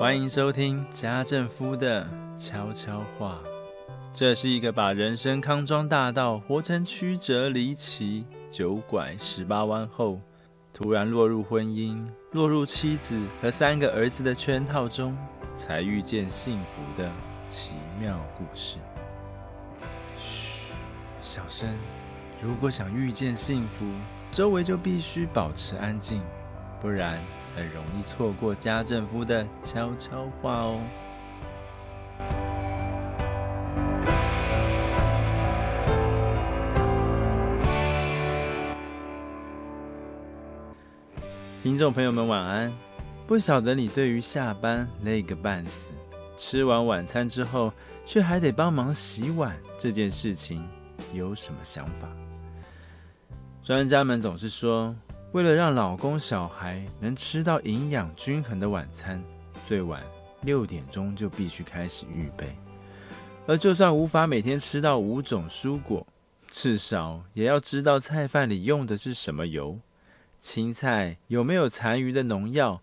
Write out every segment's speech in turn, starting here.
歡迎收聽家政夫的悄悄話。這是一個把人生康莊大道活成曲折離奇九拐十八彎後，突然落入婚姻、落入妻子和三個兒子的圈套中，才遇見幸福的奇妙故事。噓，小聲。如果想遇見幸福，周圍就必須保持安靜，不然。很容易錯過家政夫的悄悄話哦。聽眾朋友們，晚安！不曉得你對於下班累個半死，吃完晚餐之後卻還得幫忙洗碗這件事情，有什麼想法？專家們總是說。為了讓老公小孩能吃到營養均衡的晚餐，最晚六點鐘就必須開始預備。而就算無法每天吃到五種蔬果，至少也要知道菜飯裡用的是什麼油，青菜有沒有殘餘的農藥，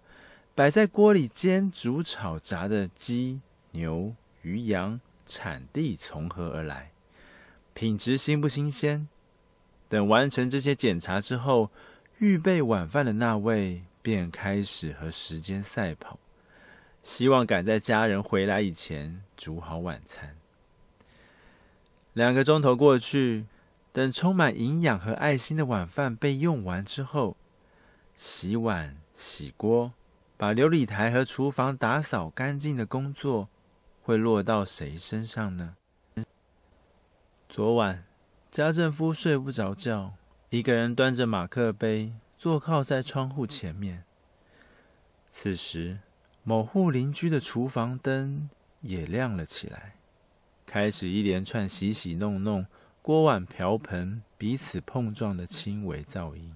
擺在鍋裡煎煮炒炸的雞牛魚羊產地從何而來？品質新不新鮮？等完成這些檢查之後。預備晚飯的那位便開始和時間賽跑，希望趕在家人回來以前煮好晚餐。兩個鐘頭過去，等充滿營養和愛心的晚飯被用完之後，洗碗、洗鍋、把流理台和廚房打掃乾淨的工作會落到誰身上呢？昨晚家政夫睡不着覺。一個人端着馬克杯，坐靠在窗戶前面。此時，某戶鄰居的廚房燈也亮了起來，開始一連串洗洗弄弄、鍋碗瓢盆彼此碰撞的輕微噪音。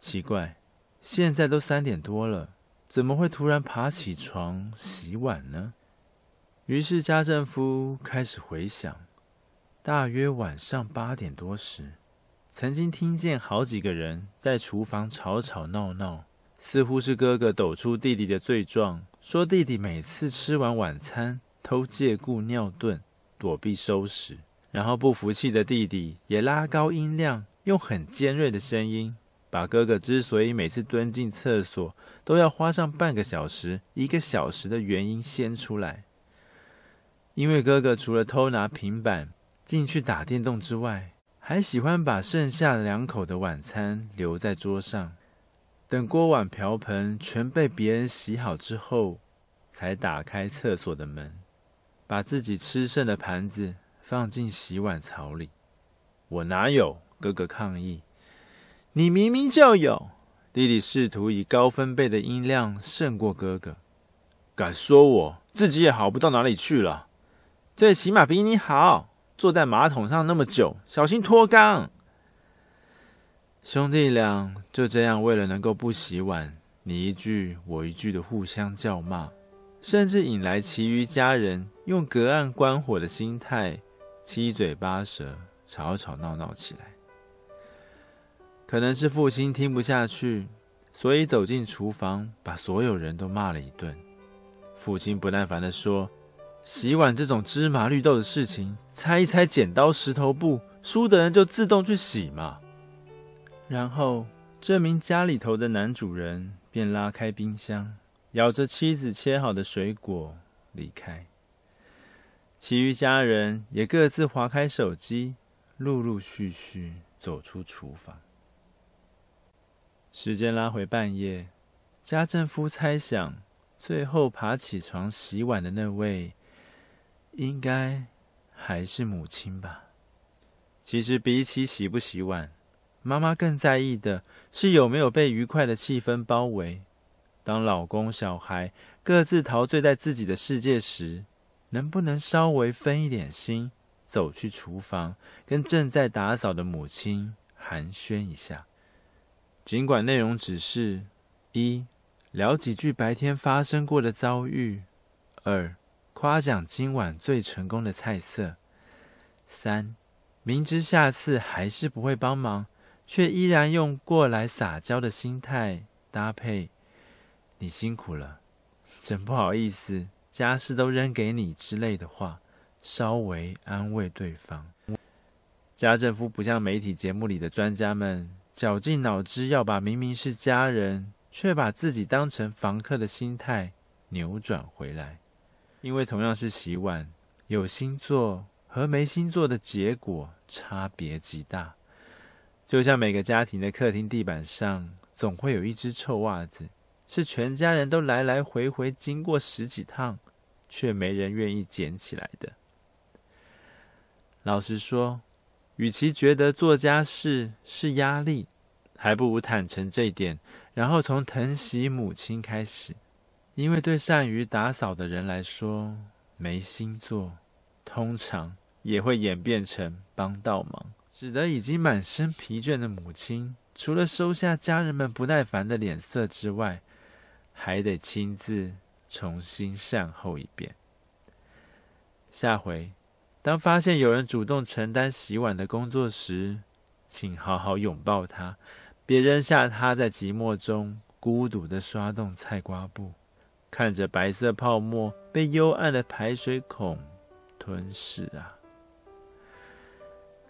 奇怪，現在都三點多了，怎麼會突然爬起床洗碗呢？於是，家政夫開始回想，大約晚上八點多時。曾經聽見好幾個人在廚房吵吵鬧鬧，似乎是哥哥抖出弟弟的罪狀，說弟弟每次吃完晚餐，偷借故尿遁，躲避收拾。然後不服氣的弟弟也拉高音量，用很尖銳的聲音，把哥哥之所以每次蹲進廁所都要花上半個小時、一個小時的原因掀出來。因為哥哥除了偷拿平板進去打電動之外，還喜歡把剩下兩口的晚餐留在桌上，等鍋碗瓢盆全被別人洗好之後，才打開廁所的門，把自己吃剩的盤子放進洗碗槽裡。我哪有？哥哥抗議。你明明就有。弟弟試圖以高分貝的音量勝過哥哥。敢說我自己也好不到哪裡去了，最起碼比你好。坐在馬桶上那麼久，小心脫肛。兄弟倆就這樣為了能夠不洗碗，你一句我一句的互相叫罵，甚至引來其餘家人用隔岸觀火的心態，七嘴八舌吵吵鬧鬧起來。可能是父親聽不下去，所以走進廚房把所有人都罵了一頓。父親不耐煩地說。洗碗這種芝麻綠豆的事情，猜一猜，剪刀石頭布，輸的人就自動去洗嘛。然後，這名家裡頭的男主人便拉開冰箱，咬着妻子切好的水果離開。其餘家人也各自滑開手機，陸陸續續走出廚房。時間拉回半夜，家政夫猜想，最後爬起床洗碗的那位，應該還是母親吧。其實比起洗不洗碗，媽媽更在意的是有沒有被愉快的氣氛包圍。當老公、小孩各自陶醉在自己的世界時，能不能稍微分一點心，走去廚房跟正在打掃的母親寒暄一下？儘管內容只是一，聊幾句白天發生過的遭遇，二。誇獎今晚最成功的菜色。三，明知下次還是不會幫忙，卻依然用過來撒嬌的心態搭配“你辛苦了，真不好意思，家事都扔給你”之類的話，稍微安慰對方。家政夫不像媒體節目裡的專家們，絞盡腦汁要把明明是家人，卻把自己當成房客的心態扭轉回來。因為同樣是洗碗，有心做和沒心做的結果差別極大。就像每個家庭的客廳地板上，總會有一隻臭襪子，是全家人都來來回回經過十幾趟，卻沒人願意撿起來的。老實說，與其覺得做家事是壓力，還不如坦承這一點，然後從疼惜母親開始。因為對善於打掃的人來說，沒心做，通常也會演變成幫倒忙，使得已經滿身疲倦的母親，除了收下家人們不耐煩的臉色之外，還得親自重新善後一遍。下回，當發現有人主動承擔洗碗的工作時，請好好擁抱他，別扔下他在寂寞中孤獨地刷動菜瓜布。看着白色泡沫被幽暗的排水孔吞噬啊！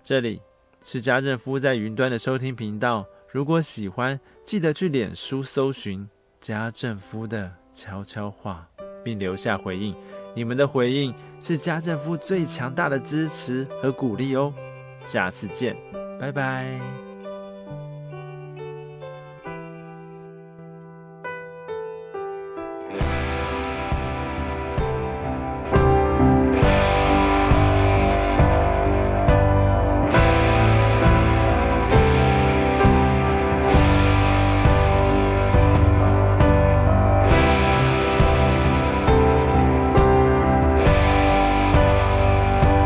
這裡是家政夫在雲端的收聽頻道。如果喜歡，記得去臉書搜尋家政夫的悄悄話，並留下回應。你們的回應是家政夫最強大的支持和鼓勵哦。下次見，拜拜。